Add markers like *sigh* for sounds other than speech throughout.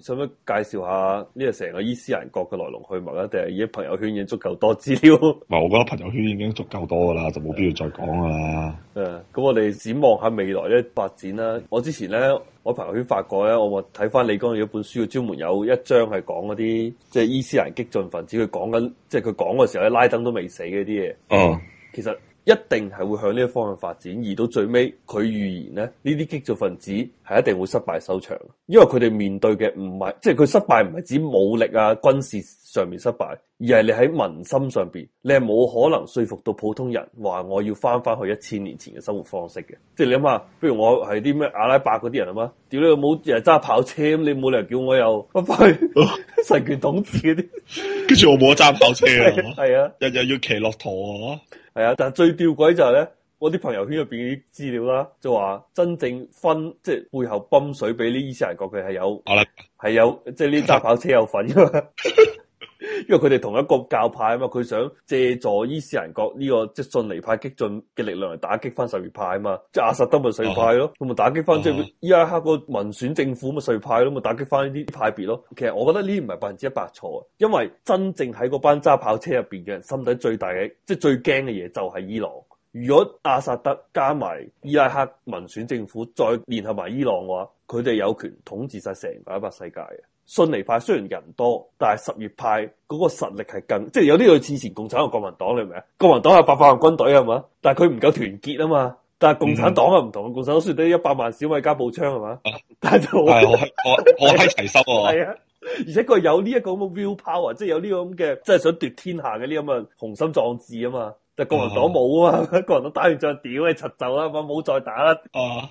使唔使介紹下呢個成個伊斯蘭國嘅來龍去脈咧？定係而家朋友圈已經足夠多資料？嗱，我覺得朋友圈已經足夠多噶啦，是的 就冇必要再講噶啦。誒，咁我哋展望下未來咧發展啦。我之前咧，我朋友圈發過咧，我話睇翻李剛嘅一本書，專門有一章係講嗰啲即係伊斯蘭激進分子，佢講緊即係佢講嘅時候咧，拉登都未死嘅啲嘢。哦，其實，一定係會向呢個方向發展，而到最尾，佢預言咧，呢啲激進分子係一定會失敗收場，因為佢哋面對嘅唔係，即係佢失敗唔係指武力啊、軍事上面失敗。而係你喺民心上邊，你係冇可能說服到普通人話我要翻翻去一千年前嘅生活方式嘅。即係你諗下，譬如我係啲咩阿拉伯嗰啲人啊？咩屌你冇日揸跑車，你冇理由叫我有 *laughs* 神權統治嗰啲。跟住我冇得揸跑車 *laughs* 啊！係啊，日日要騎駱駝啊！係啊，但係最吊詭就係咧，我啲朋友圈入邊啲資料啦，就話真正分即係、就是、背後泵水俾啲伊斯蘭國佢係有，係、啊、有即係啲揸跑車有份噶嘛。 *laughs* 因為佢哋同一個教派啊嘛，佢想借助伊斯蘭國呢個即遜尼派激進嘅力量嚟打擊翻什葉派啊嘛，即阿薩德咪什葉派咯，咁咪、嗯、打擊翻、嗯、即伊拉克個民選政府咪什葉派咯，咪打擊翻呢啲派別咯。其實我覺得呢唔係百分之一百錯，因為真正喺嗰班揸跑車入邊嘅人心底最大嘅、即最驚嘅嘢就係伊朗。如果阿薩德加埋伊拉克民選政府再聯合埋伊朗嘅話，佢哋有權統治晒成個阿拉伯世界啊！信尼派雖然人多，但係什葉派嗰個實力係勁，即係有啲佢似前共產黨、國民黨，你明唔明啊？國民黨係百萬軍隊係嘛，但係佢唔夠團結啊嘛。但係共產黨係唔同，共產黨算得一百萬小米加步槍係嘛，但係就好好好齊心喎。係啊，而且佢有呢一個咁嘅 view power，即係有呢個咁嘅，即係想奪天下嘅呢啲咁嘅雄心壯志啊嘛。就國民黨冇啊嘛，國民、啊、黨打完仗屌你柒就啦，唔好行行再打啦。啊，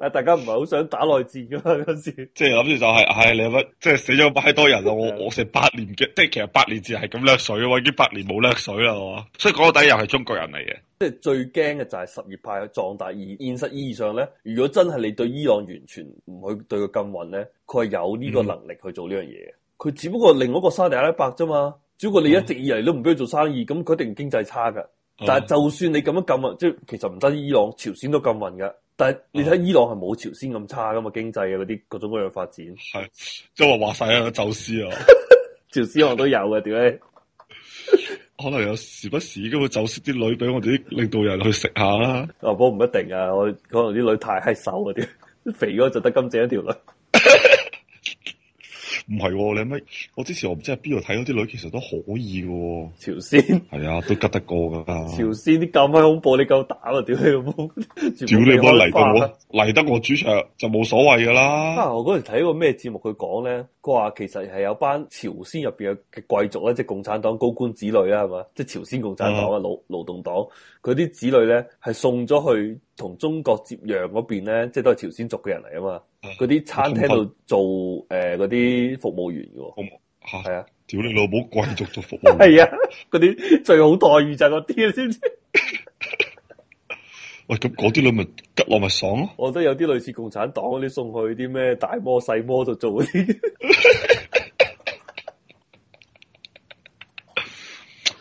啊大家唔係好想打內戰㗎嘛嗰時，即係諗住就係，唉，你乜即係死咗百多人啦。我我成八年嘅，即係其實八年至係咁掠水啊嘛，已經百年冇掠水啦。所以講到底又係中國人嚟嘅，即係最驚嘅就係什葉派去壯大。而現實意義上咧，如果真係你對伊朗完全唔去對佢禁運咧，佢係有呢個能力去做呢樣嘢。佢、嗯、只不過另一個沙地阿拉伯啫嘛，只不過你一直以嚟都唔俾佢做生意，咁佢一定經濟差㗎。但係就算你咁樣禁運，即係其實唔單止伊朗，朝鮮都禁運嘅。但係你睇伊朗係冇朝鮮咁差噶嘛，經濟啊嗰啲各種各樣發展。係，即係話話曬啊，走私啊，朝鮮我都有嘅，點解？可能有時不時都會走私啲女俾我哋啲領導人去食下啦。啊，不過唔一定啊，我可能啲女太黑手嗰啲，肥嗰個就得金正一條女。唔係喎，你係咪？我之前我唔知喺邊度睇嗰啲女，其實都可以嘅喎、哦。朝鮮係 *laughs* 啊，都吉得過㗎。朝鮮啲咁樣恐怖，你夠膽啊！屌你老母！屌你個嚟到我，嚟得我主場就冇所謂㗎啦。啊！我嗰時睇過咩節目，佢講咧，佢話其實係有班朝鮮入邊嘅貴族咧，即係共產黨高官子女啊，係嘛？即係朝鮮共產黨嘅勞勞動黨，佢啲子女咧係送咗去同中國接壤嗰邊咧，即係都係朝鮮族嘅人嚟啊嘛。嗰啲、啊、餐廳度做誒嗰啲服務員嘅，係啊，屌你老母貴族做服務員，係啊，嗰啲最好待遇就係嗰啲，啊，知唔知？喂，咁嗰啲女咪吉我咪爽咯。我覺得有啲類似共產黨嗰啲送去啲咩大摩細摩度做嗰啲，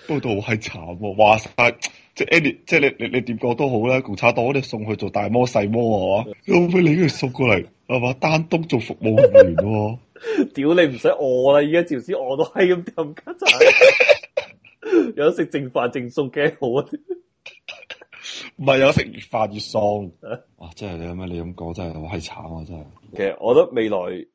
嗰度係慘，話晒。Andy, 即係你你你點講都好啦，共產黨你送去做大摩細摩啊！ *laughs* 我唔好俾你拎嚟送過嚟，係嘛，丹東做服務員喎、啊。 *laughs* 屌你唔使餓啦，而家朝鮮餓到係咁咁卡柴，這這 *laughs* 有得食剩飯剩餸幾好啊！唔係 *laughs* 有得食越飯越餸。哇！真係你咁樣你咁講真係好閪慘啊！真係。其實我覺得未來。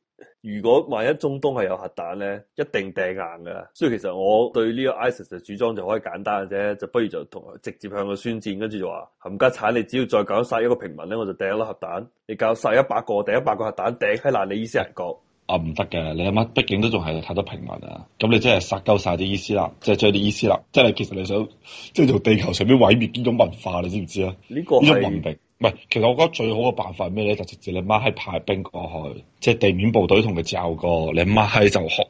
如果萬一中東係有核彈咧，一定掟硬嘅。所以其實我對呢個 ISIS 嘅 IS 主張就可以簡單嘅啫，就不如就同直接向佢宣戰，跟住就話冚家鏟你，只要再搞晒一個平民咧，我就掟一粒核彈。你搞晒一百個，掟一百個核彈掟喺爛你伊斯蘭國，啊唔得嘅，你乜畢竟都仲係太多平民啊。咁你真係殺鳩晒啲伊斯蘭，即係將啲伊斯蘭，真係其實你想即係從地球上面毀滅邊種文化，你知唔知啊？呢個係。唔係，其實我覺得最好嘅辦法係咩咧？就直接你媽閪派兵過去，即係地面部隊同佢交過，你媽閪就學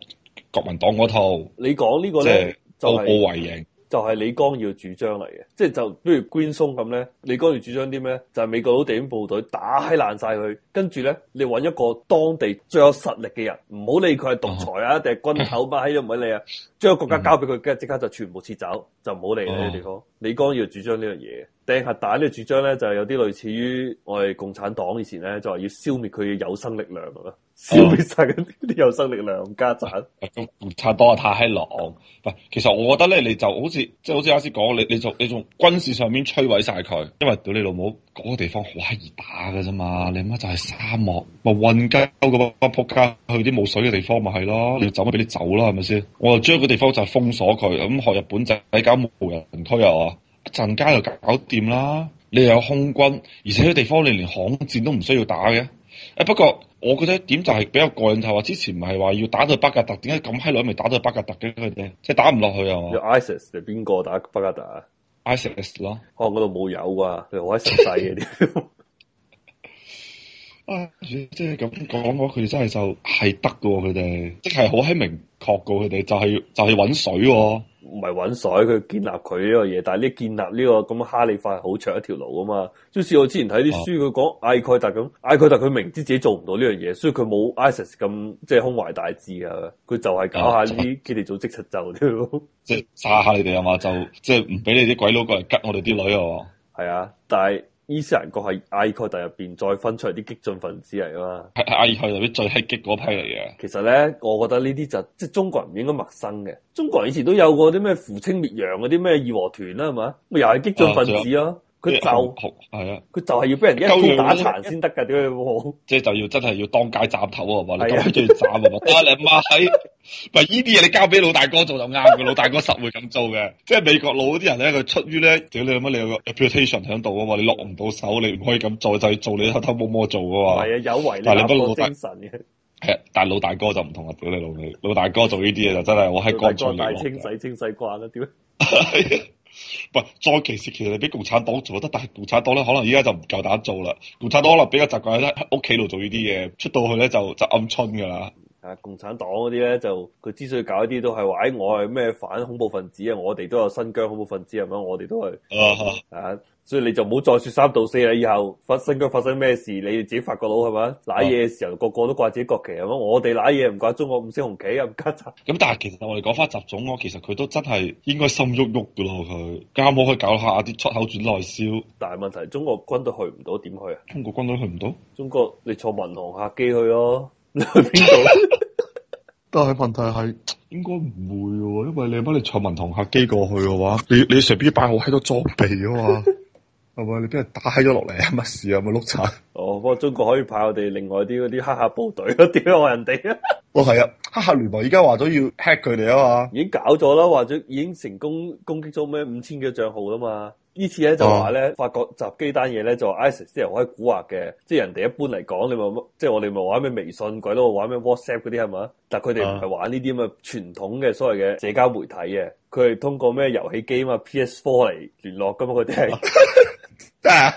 國民黨嗰套。你講呢個咧，步步為營。就係李光耀主張嚟嘅，即係就比如官松咁咧，李光耀主張啲咩就係、是、美國佬地面部隊打閪爛晒佢，跟住咧你揾一個當地最有實力嘅人，唔好理佢係獨裁啊定係軍頭乜喺度唔理啊，將 *laughs* 國家交俾佢，跟即刻就全部撤走， *laughs* 就唔好理呢啲地方。李光耀主，主張呢樣嘢，掟核彈呢個主張咧就係有啲類似於我哋共產黨以前咧，就話、是、要消滅佢嘅有生力量咯。燒滅晒嗰啲有生力量家產，差多啊，太閪狼。唔其實我覺得咧，你就好似即係，好似啱先講，你就你仲你從軍事上面摧毀晒佢，因為屌你老母嗰、嗰個地方好易打嘅啫嘛。你媽就係沙漠，咪混雞嘅喎，仆街去啲冇水嘅地方咪係咯。你要走咪俾你走啦，係咪先？我就將個地方就封鎖佢，咁學日本仔搞冇人同區啊，一陣間就搞掂啦。你又有空軍，而且啲地方你連巷戰都唔需要打嘅。誒，不過。我覺得點就係比較過癮，就係、是、話之前唔係話要打到巴格達，點解咁閪耐都未打到巴格達嘅？即係打唔落去啊！有 ISIS 定邊個打巴格達啊？ISIS 咯、哦，我嗰度冇有啊？你話喺細嘅屌。 *laughs* 即係咁講，我佢真係就係得噶喎，佢哋即係好喺明確噶，佢哋就係、是、就係、是、搵水，水，唔係搵水佢建立佢呢個嘢。但係呢建立呢個咁哈里發好長一條路啊嘛。即係我之前睇啲書，佢講、啊、艾蓋特咁，艾蓋特佢明知自己做唔到呢樣嘢，所以佢冇 ISIS 咁即係胸懷大志啊。佢就係搞下啲基地組織出走即係炸下你哋啊嘛，就即係唔俾你啲鬼佬過嚟吉我哋啲女係嘛。係、嗯、啊，但係。伊斯蘭國係埃及第入邊再分出嚟啲激進分子嚟啊嘛，係係埃及入邊最吃激嗰批嚟嘅。其實咧，我覺得呢啲就即、是、係、就是、中國人唔應該陌生嘅。中國人以前都有過啲咩扶清滅洋嗰啲咩義和團啦，係嘛，咪又係激進分子咯、啊。啊佢就係啊，佢就係要俾人一拳打殘先得噶，屌你好！即係就要真係要當街斬頭啊！嘛、 *laughs* 啊。你當街最斬啊！阿你媽閪，咪呢啲嘢你交俾老大哥做就啱嘅， *laughs* 老大哥實會咁做嘅。即係美國佬啲人咧，佢出於咧屌你乜，你有個 reputation 喺度啊嘛，你落唔到手，你唔可以咁做，就做你偷偷摸摸做嘅嘛。係啊，有為立國精神嘅。係，但係老大哥就唔同啊！屌你老味，老大哥做呢啲嘢就真係我喺國內清洗清洗慣啦、啊，屌！ *laughs* 唔係，再其次，其實你俾共產黨做得，但係共產黨咧可能而家就唔夠膽做啦。共產黨可能比較習慣喺屋企度做呢啲嘢，出到去咧就就暗春㗎啦。啊！共產黨嗰啲咧就佢之所以搞一啲都係話，誒、哎，我係咩反恐怖分子啊？我哋都有新疆恐怖分子係咪？我哋都係，啊，啊，所以你就唔好再說三道四啦。以後發新疆發生咩事，你哋自己發覺到係咪？拿嘢嘅時候，個個都掛自己國旗係咪？我哋拿嘢唔掛中國五星紅旗又唔得。咁但係其實我哋講翻習總，我其實佢都真係應該心喐喐噶咯。佢家下可以搞下啲出口轉內銷。但係問題，中國軍都去唔到點去啊？中國軍隊去唔到？中國你坐民航客機去咯。你去邊度？ *laughs* 但係問題係，應該唔會嘅，因為你幫，你坐民航客機過去嘅話，你你隨便擺我喺度裝備啊嘛，係咪？你俾 *laughs* 人打閪咗落嚟啊？乜事有冇碌鏟？哦，不過中國可以派我哋另外啲嗰啲黑客部隊點樣話人哋啊？ *laughs* 哦，係啊，黑客聯盟而家話咗要 hack 佢哋啊嘛，已經搞咗啦，或者已經成功攻擊咗咩五千幾個賬號啦嘛。呢次咧就話咧，發覺集機單嘢咧就 ISIS 即係可以蠱惑嘅，即係人哋一般嚟講，你咪即係我哋咪玩咩微信鬼佬玩咩 WhatsApp 嗰啲係嘛？但係佢哋唔係玩呢啲咁嘅傳統嘅所謂嘅社交媒體嘅，佢係通過咩遊戲機啊嘛 PS4 嚟聯絡㗎嘛，佢哋係啊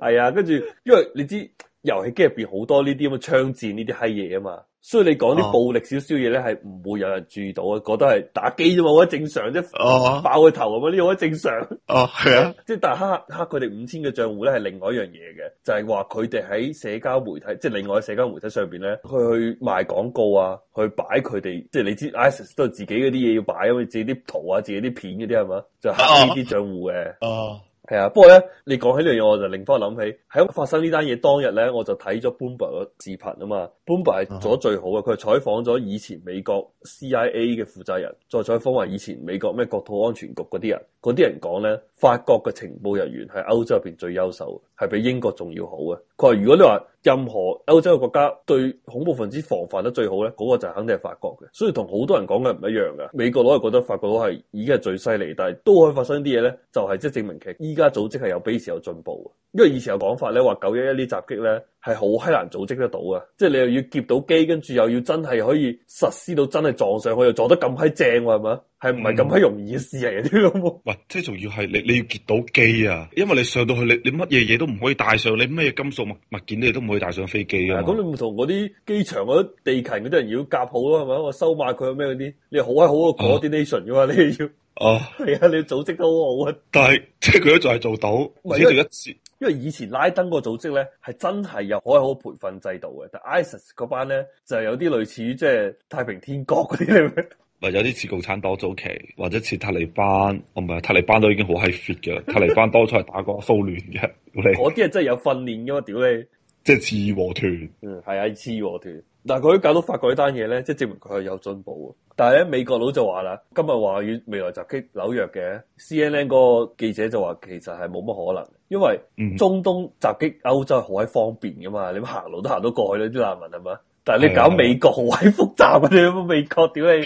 係啊，跟住因為你知。遊戲機入邊好多呢啲咁嘅槍戰呢啲閪嘢啊嘛，所以你講啲暴力少少嘢咧係唔會有人注意到啊，oh. 覺得係打機啫嘛，我覺得正常啫，oh. 爆佢頭啊嘛，呢個我覺得正常。哦、oh. Yeah. *laughs* 係啊，即係但係黑黑佢哋五千嘅賬戶咧係另外一樣嘢嘅，就係話佢哋喺社交媒體，即係另外社交媒體上邊咧去去賣廣告啊，去擺佢哋，即係你知 ISIS 都係自己嗰啲嘢要擺，因為自己啲圖啊、自己啲片嗰啲係嘛，就黑呢啲賬戶嘅。哦。Oh. Oh. Oh. 係啊，不過咧，你講起呢樣嘢，我就令翻我諗起，喺發生呢單嘢當日咧，我就睇咗 Bloomberg 嘅視頻啊嘛，Bloomberg 係做得最好嘅，佢係採訪咗以前美國 CIA 嘅負責人，再採訪埋以前美國咩國土安全局啲人。嗰啲人講咧，法國嘅情報人員係歐洲入邊最優秀，係比英國仲要好嘅。佢話：如果你話任何歐洲嘅國家對恐怖分子防範得最好咧，嗰個就肯定係法國嘅。所以同好多人講嘅唔一樣嘅。美國佬係覺得法國佬係已經係最犀利，但係都可以發生啲嘢咧，就係即係證明其實依家組織係有 base 有進步。因為以前有講法咧，話九一一呢襲擊咧。係好閪難組織得到啊。即係你又要劫到機，跟住又要真係可以實施到真係撞上去，又撞得咁閪正，係嘛？係唔係咁閪容易嘅事嚟？啲老窩。 *laughs* 喂，即係仲要係你你要劫到機啊？因為你上到去你你乜嘢嘢都唔可以帶上，你咩金屬物物件你都唔可以帶上飛機啊？咁你唔同嗰啲機場嗰啲地勤嗰啲人要夾好咯，係咪？我收買佢有咩嗰啲，你好閪好一個 coordination 噶嘛，啊、 *laughs* 你要哦，係啊， *laughs* *laughs* 你要組織到好啊。但係即係佢一仲係做到，只係一次。 *laughs* 因為以前拉登個組織咧係真係有可以好培訓制度嘅，但 ISIS 嗰班咧就係有啲類似於即係太平天國嗰啲嚟嘅，咪 *laughs* 有啲似共產黨早期或者似塔利班，哦唔係塔利班都已經好閪 fit 嘅啦。 *laughs* 塔利班多數係打過蘇聯嘅，嗰啲人真係有訓練噶嘛？屌你，即係義和團，嗯係啊，義和團。但係佢搞到法國呢單嘢咧，即係證明佢係有進步。但係咧，美國佬就話啦，今日話要未來襲擊紐約嘅 C N N 嗰個記者就話，其實係冇乜可能。因為中東襲擊歐洲好鬼方便噶嘛，你行路都行到過去啦，啲難民係嘛？但係你搞美國好鬼複雜嘅，啊，你美國屌 *laughs* 你，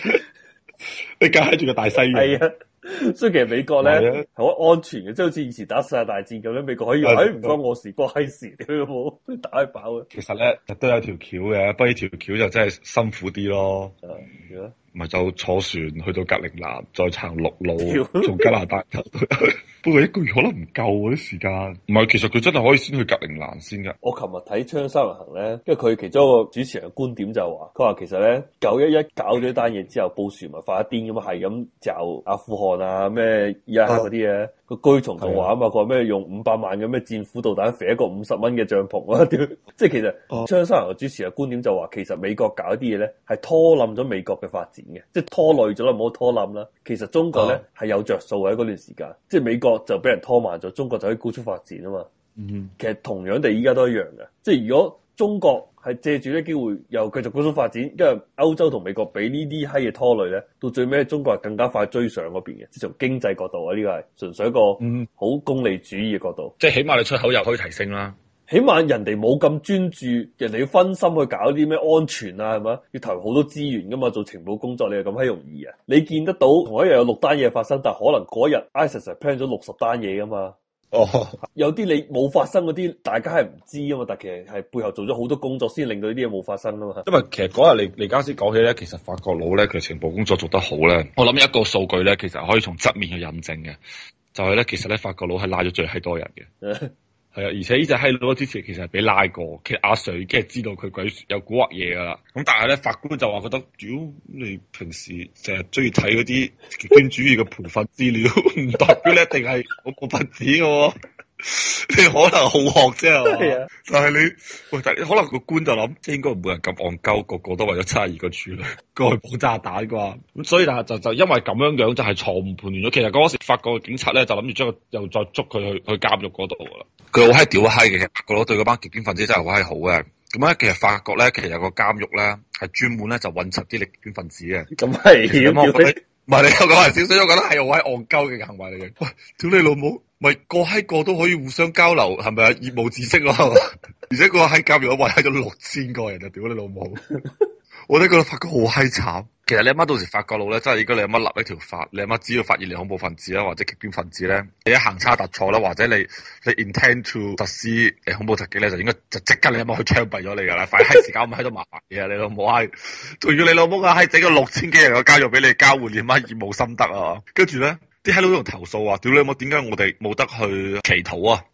你隔喺住個大西洋。係啊，所以其實美國咧好、啊、安全嘅，即係好似以前打世界大戰咁樣，美國可以唉唔關我事，關事屌，打佢爆嘅。其實咧都有條橋嘅，不過條橋就真係辛苦啲咯。係咪，啊、就坐船去到格林蘭，再行陸路到加拿大？ *laughs* *laughs* 不過一個月可能唔夠喎啲時間，唔係，其實佢真係可以先去格陵蘭先噶我琴日睇《槍三行》咧，因為佢其中一個主持人嘅觀點就話，佢話其實咧九一一搞咗一單嘢之後，布殊咪發一癲咁嘛。係咁就阿富汗啊咩伊拉克嗰啲嘢，個、啊、居蟲就話啊嘛，佢話咩用五百萬嘅咩戰斧導彈射一個五十蚊嘅帳篷啊屌！ *laughs* 即係其實《槍、啊、三行》嘅主持人嘅觀點就話，其實美國搞啲嘢咧係拖冧咗美國嘅發展嘅，即係拖累咗啦，唔好拖冧啦。其實中國咧係、啊、有着數喺嗰段時間，即係美國。就俾人拖慢咗，中國就可以高速發展啊嘛。Mm hmm. 其實同樣地，依家都一樣嘅，即係如果中國係借住呢機會又繼續高速發展，因為歐洲同美國俾呢啲閪嘢拖累咧，到最尾中國係更加快追上嗰邊嘅。即係從經濟角度啊，呢、呢個係純粹一個好功利主義嘅角度，mm hmm. 即係起碼你出口又可以提升啦。起碼人哋冇咁專注，人哋要分心去搞啲咩安全啊，係嘛？要投入好多資源噶嘛，做情報工作你係咁閪容易啊？你見得到同一日有六單嘢發生，但可能嗰日 ISIS plan 咗六十單嘢噶嘛？哦，oh. 有啲你冇發生嗰啲，大家係唔知啊嘛？但其實係背後做咗好多工作，先令到呢啲嘢冇發生啊嘛？因為其實嗰日你你啱先講起咧，其實法國佬咧，佢情報工作做得好咧。我諗一個數據咧，其實可以從側面去印證嘅，就係、是、咧，其實咧法國佬係拉咗最閪多人嘅。 *laughs* 係啊，而且呢隻閪佬之前其實係俾拉過，其實阿 Sir 已經係知道佢鬼有古惑嘢噶啦。咁但係咧，法官就話覺得，妖，你平時成日中意睇嗰啲極端主義嘅普法資料，唔代表你一定係恐怖分子嘅喎。你可能好學啫， *laughs* 但係你可能個官就諗，即係應該冇人咁戇鳩，個個都為咗差異個處理，過去補炸彈啩，咁所以但就就因為咁樣樣就係錯誤判斷咗。其實嗰時法國警察咧就諗住將佢又再捉佢去去監獄嗰度噶啦，佢好閪屌閪嘅，其實個佬對嗰班極端分子真係好閪好嘅。咁咧其實法國咧，其實個監獄咧係專門咧就混雜啲極端分子嘅。咁係 *laughs* 唔係你有講係少少，我覺得係我喺戇鳩嘅行為嚟嘅。喂，屌你老母！咪係個閪個都可以互相交流，係咪啊？業務知識囉， *laughs* 而且個閪教育我揾係咗六千個人啊！屌你老母！ *laughs* 我都覺得發覺好閪慘。其實你阿媽到時發覺到咧，真係應該你阿媽立一條法，你阿媽只要發現你恐怖分子啦，或者極端分子咧，你一行差踏錯啦，或者你你 intend to 實施誒恐怖襲擊咧，就應該就即刻你阿媽去槍斃咗你噶啦，快閪時間唔喺度麻煩嘢，你老母閪，仲要你老母啊，閪整個六千幾人嘅監獄俾你交換你阿媽業務心得啊？跟住咧。啲閪佬喺度投訴啊，屌你冇，點解我哋冇得去祈禱啊！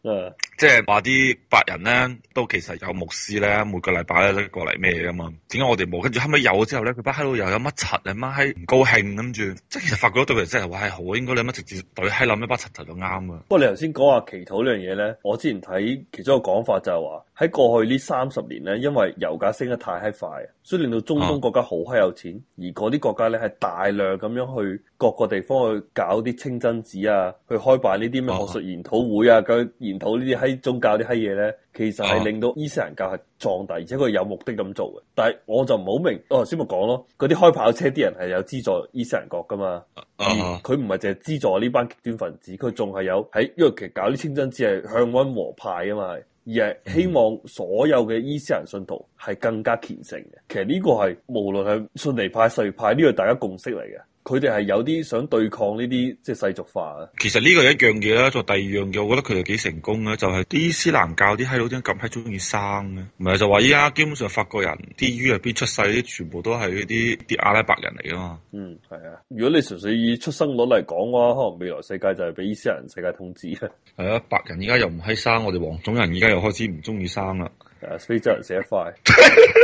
即係話啲白人咧都其實有牧師咧，每個禮拜咧都過嚟咩嘅嘛？點解我哋冇？跟住後尾有之後咧，佢班閪佬又有乜柒？你媽閪唔高興，諗住即係其實發覺對佢真係話係，好應該你乜直接隊閪諗一把柒頭就啱啊！不過你頭先講話祈禱呢樣嘢咧，我之前睇其中一個講法就係話。喺過去呢三十年咧，因為油價升得太閪快啊，所以令到中東國家好閪有錢，啊、而嗰啲國家咧係大量咁樣去各個地方去搞啲清真寺啊，去開辦呢啲咩學術研討會啊，咁、啊、研討呢啲喺宗教啲閪嘢咧，其實係令到伊斯蘭教係壯大，而且佢有目的咁做嘅。但係我就唔好明，我頭先咪講咯，嗰啲開跑車啲人係有資助伊斯蘭國噶嘛，佢唔係淨係資助呢班極端分子，佢仲係有喺因為其實搞啲清真寺係向溫和派啊嘛。而係希望所有嘅伊斯蘭信徒係更加虔誠嘅，其實呢個係無論係遜尼派、遜尼派呢個大家共識嚟嘅。佢哋係有啲想對抗呢啲即係世俗化啊！其實呢個係一樣嘢啦，做第二樣嘢，我覺得佢哋幾成功啊！就係、是、啲伊斯蘭教啲閪佬點解咁閪中意生嘅，唔係就話依家基本上法國人 D 於入邊出世啲全部都係啲啲阿拉伯人嚟啊嘛！嗯，係啊！如果你純粹以出生率嚟講嘅話，可能未來世界就係俾伊斯蘭世界統治嘅。係啊，白人而家又唔閪生，我哋黃種人而家又開始唔中意生啦。誒、嗯，非洲人寫快。 *laughs*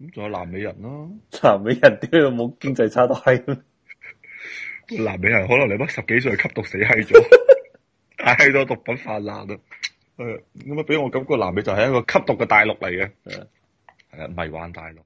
咁仲有南美人咯、啊，南美人啲又冇經濟差到閪咁。 *laughs* 南美人可能你媽十幾歲吸毒死閪咗，太多毒品泛濫啊！咁 *laughs* 啊、嗯，俾我感覺南美就係一個吸毒嘅大陸嚟嘅，係啊，迷 *coughs* 幻 *coughs* 大陸。